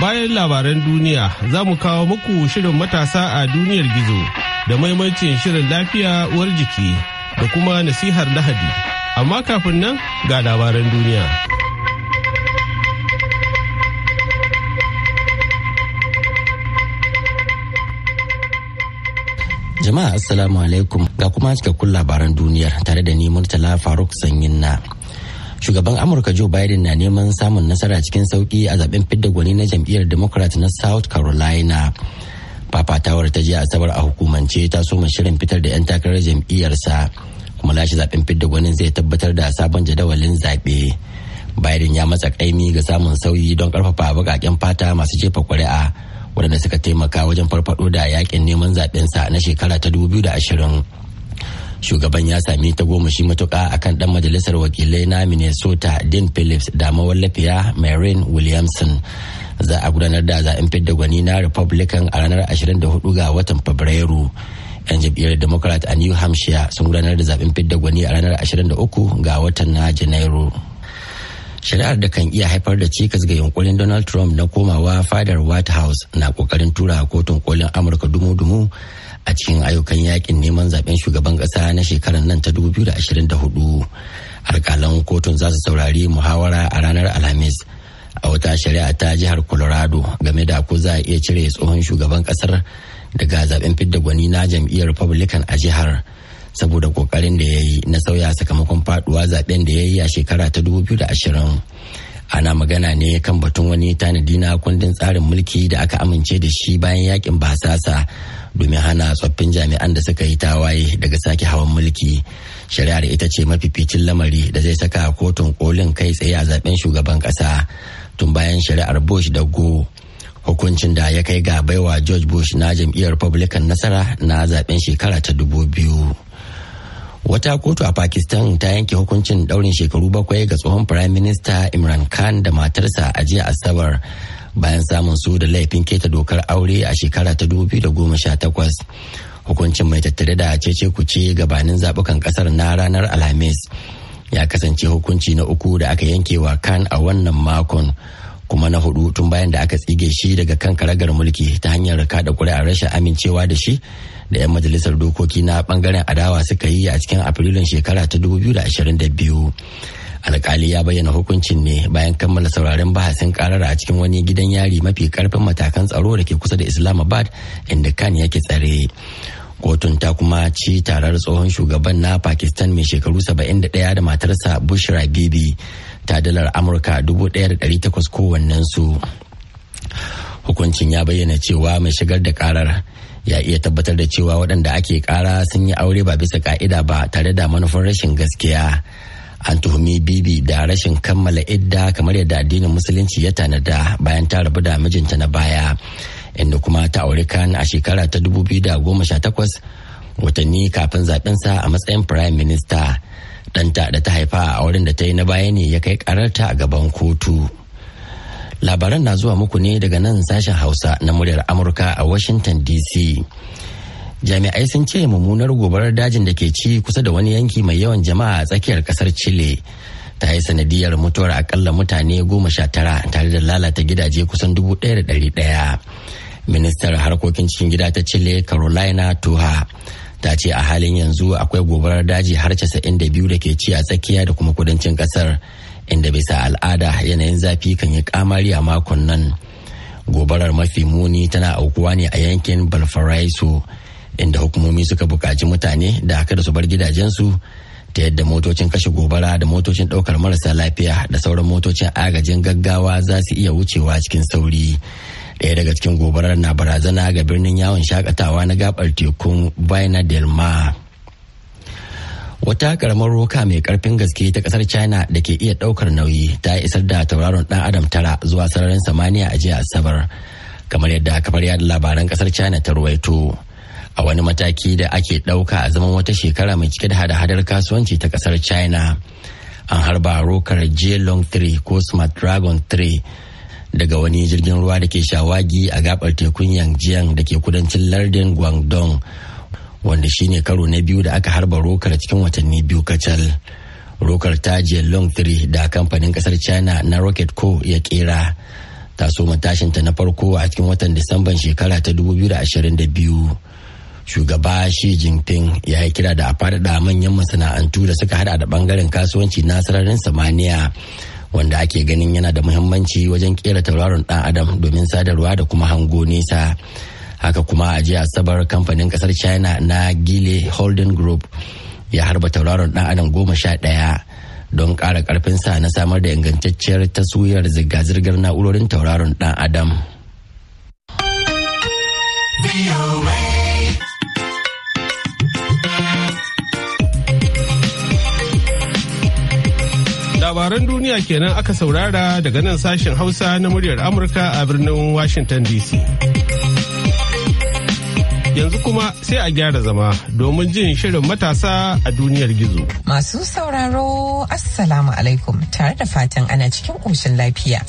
Bayan labaran duniya za mu kawo muku shirin matasa a duniyar gizo da maimacin shirin lafiya uwar jiki da kuma nasihar lahadi. Amma kafin nan ga labaran duniya. Jama'a Assalamu alaikum ga kuma cikakkun labaran duniyar tare da ni Murtala Faruk Sanyin na. shugaban amurka joe biden na neman samun nasara cikin sauki a zaben fidda gwani na jam'iyyar democrat na south carolina fafatawar ta jiya asabar a hukumance ta soma shirin fitar da 'yan takarar jam'iyyarsa kuma lashe zaben fidda gwani zai tabbatar da sabon jadawalin zaɓe biden ya matsa kaimi ga samun sauyi don karfafa baƙaƙen fata masu jefa ƙuri'a waɗanda suka taimaka wajen farfaɗo da yakin neman zaɓensa na shekara ta 2020 shugaban ya sami ta goma shi matuka akan dan majalisar wakilai na minnesota dean phillips da mawallafiya marine williamson za a gudanar da zaben fidda gwani na republican a ranar 24 ga watan fabrairu yan jam'iyyar democrat a new hampshire sun gudanar da zaben fidda gwani a ranar 23 ga watan na janairu shari'ar da kan iya haifar da cikas ga yunkurin donald trump na komawa fadar white house na kokarin tura kotun kolin amurka dumu-dumu a cikin ayyukan yakin neman zaben shugaban kasa na shekarar nan ta 2024 alkalan kotun za su saurari muhawara a ranar alhamis a wata shari'a ta jihar colorado game da ko za a iya cire tsohon shugaban kasar daga zaben fidda gwani na jam'iyyar republican a jihar saboda kokarin da ya yi na sauya sakamakon faduwa zaben da ya yi a shekara ta 2020 ana magana ne kan batun wani tanadi na kundin tsarin mulki da aka amince da shi bayan yakin basasa domin hana tsoffin jami'an da suka yi tawaye daga sake hawan mulki shari'ar ita ce mafificin lamari da zai saka kotun kolin kai tsaye a zaben shugaban kasa tun bayan shari'ar bush da go hukuncin da ya kai ga baiwa george bush na jam'iyyar republican nasara na zaben shekara ta dubu biyu. wata kotu a pakistan ta yanke hukuncin daurin shekaru bakwai ga tsohon prime minister imran khan da matarsa a jiya asabar bayan samun su da laifin keta dokar aure a shekara ta 2018 hukuncin mai tattare da cece kuce gabanin zabukan kasar na ranar alhamis ya kasance hukunci na uku da aka yankewa Khan a wannan makon kuma na hudu tun bayan da aka tsige shi daga kan karagar mulki ta hanyar kada kuri'ar rashin amincewa da shi da 'yan majalisar dokoki na bangaren adawa suka yi a cikin afrilun shekara ta 2022 alkali ya bayyana hukuncin ne bayan kammala sauraren bahasin karar a cikin wani gidan yari mafi karfin matakan tsaro da ke kusa da islamabad inda kan yake tsare kotun ta kuma ci tarar tsohon shugaban na pakistan mai shekaru 71 da matarsa bushra bibi ta dalar amurka 1,800 kowannensu hukuncin ya bayyana cewa mai shigar da karar ya iya tabbatar da cewa waɗanda ake kara sun yi aure ba bisa ka'ida ba tare da manufar rashin gaskiya an tuhumi bibi da rashin kammala idda kamar yadda addinin musulunci ya tanada bayan ta rabu da mijinta na baya inda kuma ta aure kan a shekara ta dubu biyu da goma sha takwas watanni kafin zaɓensa a matsayin prime minister ɗanta da ta haifa a auren da ta yi na baya ne ya kai ƙararta a gaban kotu. labaran na zuwa muku ne daga nan sashen hausa na muryar amurka a washington dc jami'ai sun ce mummunar gobarar dajin da ke ci kusa da wani yanki mai yawan jama'a a tsakiyar kasar chile ta yi sanadiyar mutuwar akalla mutane goma sha tara tare da lalata gidaje kusan dubu ɗaya da ɗari ɗaya ministar harkokin cikin gida ta chile carolina toha ta ce a halin yanzu akwai gobarar daji har casa'in da biyu da ke ci a tsakiya da kuma kudancin kasar inda bisa al'ada yanayin zafi kan yi kamari a makon nan gobarar mafi muni tana aukuwa ne a yankin balfaraiso inda hukumomi suka buƙaci mutane da haka da su bar gidajensu ta yadda motocin kashe gobara da motocin ɗaukar marasa lafiya da sauran motocin agajin gaggawa za su iya wucewa cikin sauri ɗaya daga cikin gobarar na barazana ga birnin yawon shakatawa na gabar tekun baina del mar wata karamar roka mai karfin gaske ta kasar china da ke iya daukar nauyi ta isar da tauraron dan adam tara zuwa sararin samaniya a jiya asabar kamar yadda kafar yada labaran kasar china ta ruwaito a wani mataki da ake dauka a zaman wata shekara mai cike da hada-hadar kasuwanci ta kasar china an harba rokar jelong 3 ko smart dragon 3 daga wani jirgin ruwa da ke shawagi a gabar tekun yangjiang da ke kudancin lardin guangdong wanda shine karo na biyu da aka harba rokar cikin watanni biyu kacal rokar tajiyar long 3 da kamfanin kasar china na rocket co ya kera ta so matashinta na farko a cikin watan disamban shekara ta 2022 shugaba shi jinping ya yi kira da a faɗaɗa manyan masana'antu da suka hada da bangaren kasuwanci na sararin samaniya wanda ake ganin yana da muhimmanci wajen kera tauraron dan adam domin sadarwa da kuma hango nesa haka kuma a jiya asabar kamfanin kasar china na gile holding group ya harba tauraron dan adam goma sha daya don ƙara sa na samar da ingantacciyar taswirar zirga-zirgar na'urorin tauraron dan adam labaran duniya kenan aka saurara daga nan sashen hausa na muryar amurka a birnin washington dc Yanzu kuma sai a gyara zama domin jin shirin matasa a duniyar gizo. Masu sauraro Assalamu alaikum tare da fatan ana cikin ƙoshin lafiya.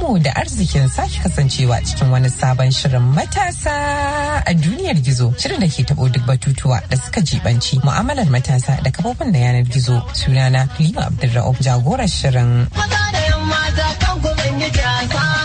mu da arzikin sake kasancewa cikin wani sabon shirin matasa a duniyar gizo. Shirin da ke taɓo duk batutuwa da suka jibanci mu'amalar matasa da kafofin da yanar gizo. Sunana Lima Abdulra'uf jagorar shirin. Maza da yamma kan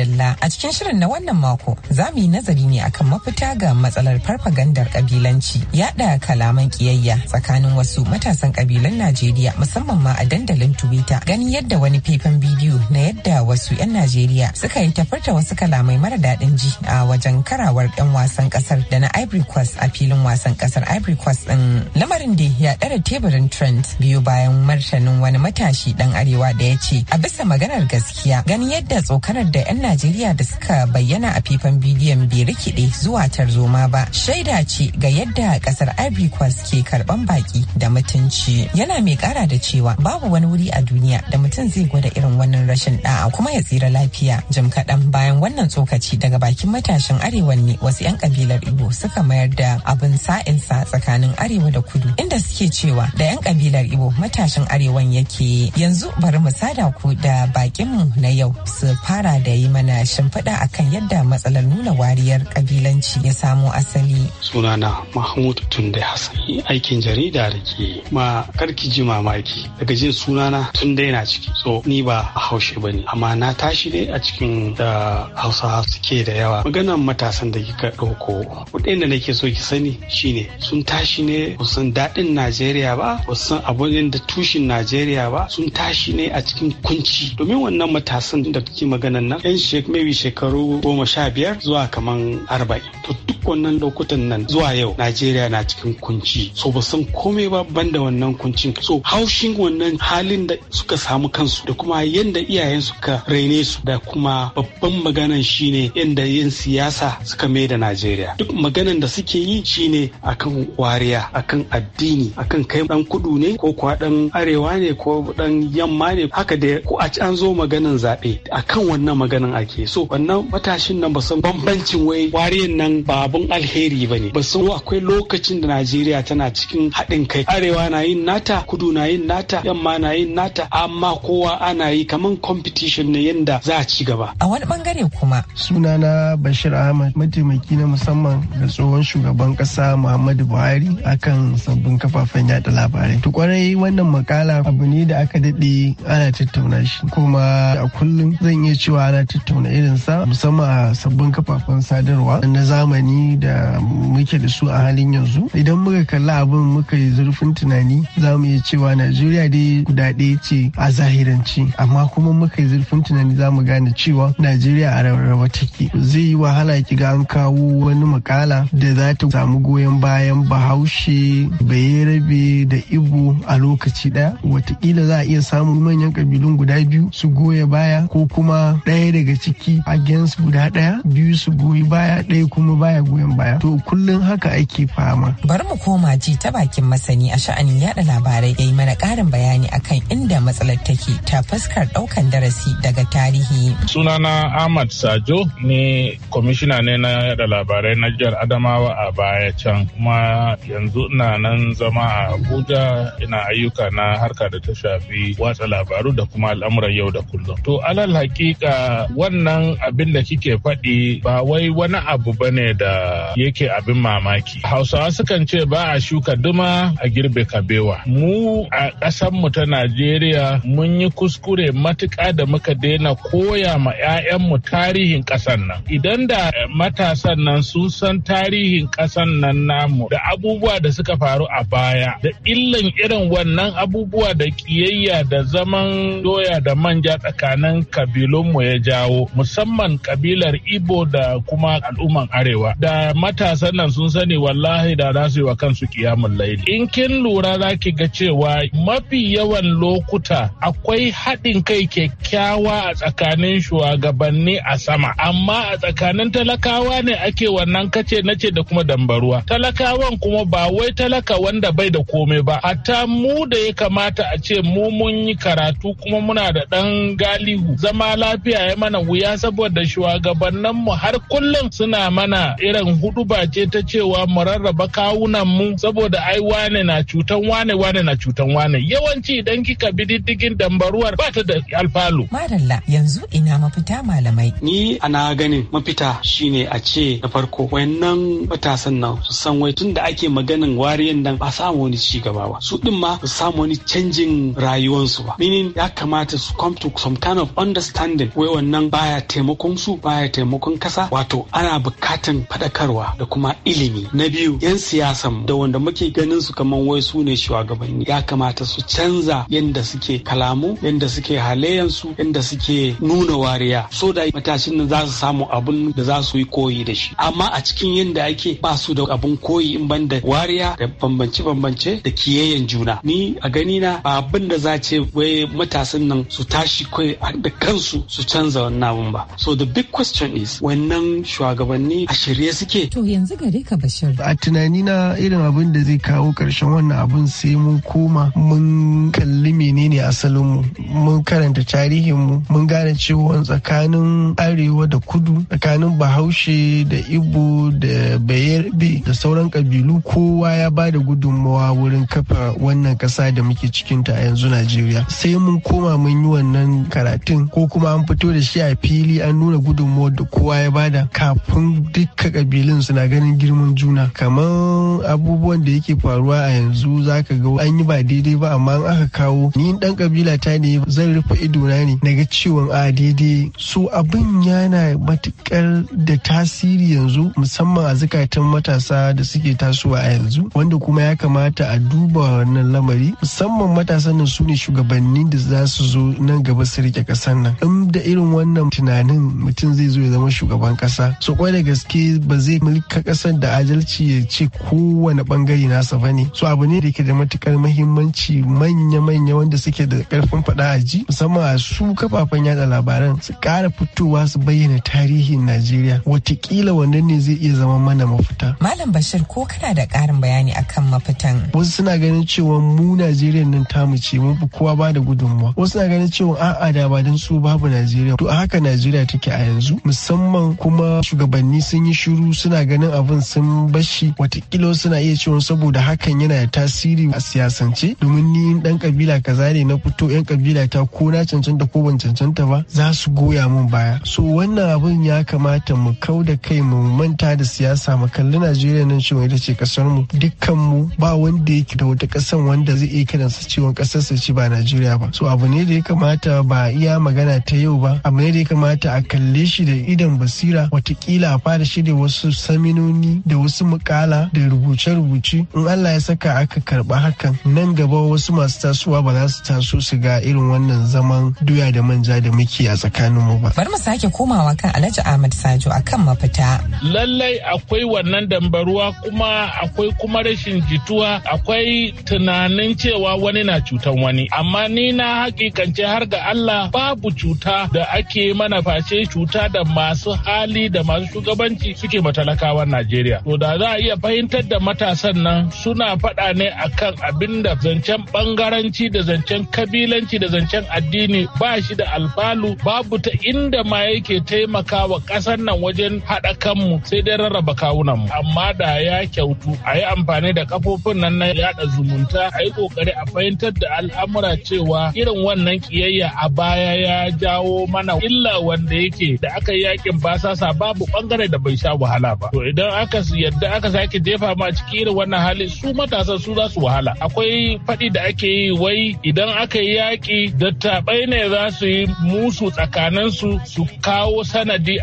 dalla a cikin shirin na wannan mako za mu yi nazari ne akan mafita ga matsalar farfagandar kabilanci yada kalaman kiyayya tsakanin wasu matasan kabilan najeriya musamman ma a dandalin twitter ganin yadda wani faifan bidiyo na yadda wasu 'yan najeriya suka yi tafarta wasu kalamai mara daɗin ji a wajen karawar 'yan wasan kasar da na ivory coast a filin wasan kasar ivory coast din lamarin da ya ɗara teburin trent biyu bayan martanin wani matashi dan arewa da ya ce a bisa maganar gaskiya ganin yadda tsokanar da 'yan Najeriya da suka bayyana a fifan bidiyon bai rikide zuwa tarzoma ba shaida ce ga yadda kasar Ivory Coast ke karban baki da mutunci. Yana mai kara da cewa babu wani wuri a duniya da mutum zai gwada irin wannan rashin da'a kuma ya tsira lafiya. Jim kaɗan bayan wannan tsokaci daga bakin matashin arewa ne wasu 'yan kabilar Igbo suka mayar da abin sa'in sa tsakanin arewa da kudu inda suke cewa da 'yan kabilar Igbo matashin arewan yake yanzu bari mu sada ku da bakinmu na yau su fara da yi mana shimfiɗa kan yadda matsalar nuna wariyar kabilanci ya samo asali. Sunana Mahmud Tunde Hassan aikin jarida da ke ma karki ji mamaki daga jin sunana Tunde yana ciki so ni ba a haushe ba ne amma na tashi ne a cikin da hausa suke da yawa maganan matasan da kika ɗauko kuɗin da nake so ki sani shine sun tashi ne kusan daɗin Najeriya ba kusan abin da tushen Najeriya ba sun tashi ne a cikin kunci domin wannan matasan da kike maganan nan maybe shekaru goma sha biyar zuwa kaman arba'in to duk wannan lokutan nan zuwa yau najeriya na cikin kunci so ba san komai ba da wannan kuncin so haushin wannan halin da suka samu kansu da kuma yadda iyayen suka raine su da kuma babban maganan shine yadda yin siyasa suka mai da najeriya duk maganan da suke yi shine akan wariya akan addini akan kai dan kudu ne ko kuwa dan arewa ne ko dan yamma ne haka da ko a an zo maganan zaɓe akan wannan maganan al'umma ke so wannan matashin nan ba san bambancin wai wariyan nan ba abun alheri ba ne ba san akwai lokacin da najeriya tana cikin haɗin kai arewa na yin nata kudu na yin nata yamma na yin nata amma kowa ana yi kaman competition ne yanda za a ci gaba a wani bangare kuma suna na bashir ahmad mataimaki na musamman ga tsohon shugaban kasa muhammadu buhari akan sabbin kafafen yada labarai to kwarai wannan makala abu ne da aka daɗe ana tattauna shi kuma a kullum zan iya cewa ana ta. tattauna sa musamman a sabbin kafafen sadarwa na zamani da muke da su a halin yanzu idan muka kalla abin muka yi zurfin tunani za mu iya cewa najeriya dai guda ɗaya ce a zahiranci amma kuma muka yi zurfin tunani za mu gane cewa najeriya a rarraba take zai yi wahala ki ga an kawo wani makala da za ta samu goyon bayan bahaushe bayerabe da ibo a lokaci ɗaya watakila za a iya samun manyan kabilun guda biyu su goya baya ko kuma ɗaya daga daga ciki agensu guda ɗaya biyu su goyi baya ɗaya kuma baya goyon baya to kullum haka ake fama. bari mu koma ji ta bakin masani a sha'anin yada labarai ya yi mana karin bayani akan inda matsalar take ta fuskar ɗaukan darasi daga tarihi. sunana ahmad sajo ne kwamishina ne na yada labarai na jihar adamawa a baya can kuma yanzu ina nan zama a abuja ina ayyuka na harka da ta shafi watsa labaru da kuma al'amuran yau da kullum to alal hakika wannan abin da kike faɗi ba wai wani abu ba ne da yake abin mamaki. Hausawa sukan ce ba a shuka duma a girbe kabewa. Mu a ƙasanmu ta Najeriya mun yi kuskure matuƙa da muka daina koya ma 'ya'yanmu tarihin ƙasan nan. Idan da eh, matasan nan sun san tarihin ƙasan nan namu da abubuwa da suka faru a baya da illan irin wannan abubuwa da ƙiyayya da zaman doya da manja tsakanin kabilunmu ya jawo. kawo musamman kabilar Ibo da kuma al'umman Arewa. Da matasan nan sun sani wallahi da za su yi wa kansu kiyamun laili. In kin lura za ki ga cewa mafi yawan lokuta akwai haɗin kai kyakkyawa a tsakanin shugabanni a sama amma a tsakanin talakawa ne ake wannan kace ce da kuma dambaruwa. Talakawan kuma ba wai talaka wanda bai da komai ba hatta mu da ya kamata a ce mu mun yi karatu kuma muna da ɗan galihu zama lafiya ya mana wuya saboda shugabannin mu har kullum suna mana irin huduba ce ta cewa mu rarraba kawunan mu saboda ai wane na cutan wane wane na cutan wane yawanci idan kika bi diddigin dambaruwar ba ta da alfalu. Madalla yanzu ina mafita malamai. Ni ana ganin mafita shine a ce na farko wayannan matasan nan su san wai tun da ake maganin wariyan nan ba samu wani ci gaba ba su din ma su samu wani canjin rayuwansu ba. Minin ya kamata su come to some kind of understanding wai wannan baya taimakon su baya taimakon kasa wato ana bukatan faɗakarwa da kuma ilimi na biyu 'yan siyasan da wanda muke ganin su kamar wai su ne shugabanni ya kamata su canza yanda suke kalamu yanda suke halayensu yanda suke nuna wariya so da matashin nan za su samu abun da za su yi koyi da shi amma a cikin yanda ake ba su da abun koyi in ban da wariya da bambance bambance da kiyayen juna ni a gani na ba abin da za ce wai matasan nan su tashi kai da kansu su canza wannan wannan ba so the big question is wannan shugabanni a shirye suke to yanzu gare ka bashir a tunani na irin abin da zai kawo karshen wannan abun sai mun koma mun kalli menene asalin mu mun karanta tarihin mu mun gane cewa tsakanin arewa da kudu tsakanin bahaushe da ibo da bayerbe da sauran kabilu kowa ya ba da gudunmawa wurin kafa wannan kasa da muke cikinta a yanzu najeriya sai mun koma mun yi wannan karatun ko kuma an fito da shi a a fili an nuna gudunmuwar da kowa ya bada kafin duka kabilun suna ganin girman juna kamar abubuwan da yake faruwa a yanzu za ka ga an yi ba daidai ba amma an aka kawo ni dan kabila ta ne zan rufe ido na ne na ga ciwon a daidai so abin yana matukar da tasiri yanzu musamman a zukatan matasa da suke tasowa a yanzu wanda kuma ya kamata a duba wannan lamari musamman matasan nan su ne shugabannin da za su zo nan gaba su rike kasan nan in da irin wani wannan tunanin mutum zai zo ya zama shugaban kasa so kwai da gaske ba zai mulka kasar da adalci ya ce kowane bangare nasa ba ne so abu ne da yake da matukar mahimmanci manya-manya wanda suke da karfin fada a ji musamman a su kafafen yada labaran su kara fitowa su bayyana tarihin najeriya watakila wannan ne zai iya zama mana mafita malam bashir ko kana da karin bayani akan mafitan wasu suna ganin cewa mu najeriya nan tamu ce mun fi kowa ba da gudunmuwa wasu suna ganin cewa a'a da ba don su babu najeriya to a haka najeriya take a yanzu musamman kuma shugabanni sun yi shiru suna ganin abin sun bashi watakila suna iya cewa saboda hakan yana da tasiri a siyasance domin ni dan kabila kaza ne na fito yan kabila ta ko na cancanta ko ban cancanta ba za su goya mun baya so wannan abin ya kamata mu kau da kai mu manta da siyasa mu kalli najeriya nan cewa ita ce kasar mu dukkan mu ba wanda yake da wata kasan wanda zai iya kiransa cewa kasarsa ce ba najeriya ba so abu ne da ya kamata ba iya magana ta yau ba abu ne da ya kamata a kalle shi da idan basira watakila a fara shirya wasu saminoni da wasu mukala da rubuce-rubuce in Allah ya saka aka karba hakan nan gaba wasu masu tasowa ba za su taso su ga irin wannan zaman doya da manja da muke a tsakanin mu ba. Bari mu sake komawa kan Alhaji Ahmad Sajo akan mafita. Lallai akwai wannan dambaruwa kuma akwai kuma rashin jituwa akwai tunanin cewa wani na cutan wani amma ni na hakikance har ga Allah babu cuta da ake suke mana face cuta da masu hali da masu shugabanci suke matalakawan Najeriya. To da za a iya fahimtar da matasan nan suna faɗa ne akan abin da zancen bangaranci da zancen kabilanci da zancen addini ba shi da alfalu babu ta inda ma yake taimakawa ƙasar nan wajen haɗa kanmu sai dai rarraba kawunanmu. Amma da ya kyautu a yi amfani da kafofin nan na yaɗa zumunta a yi ƙoƙari a fahimtar da al'amura cewa irin wannan ƙiyayya a baya ya jawo mana illa wanda yake da aka yi yakin basasa babu bangare da bai sha wahala ba to idan aka yadda aka sake jefa ma ciki irin wannan hali su matasa su za su wahala akwai faɗi da ake yi wai idan aka yi yaƙi taɓai ne za su yi musu tsakaninsu su kawo sanadi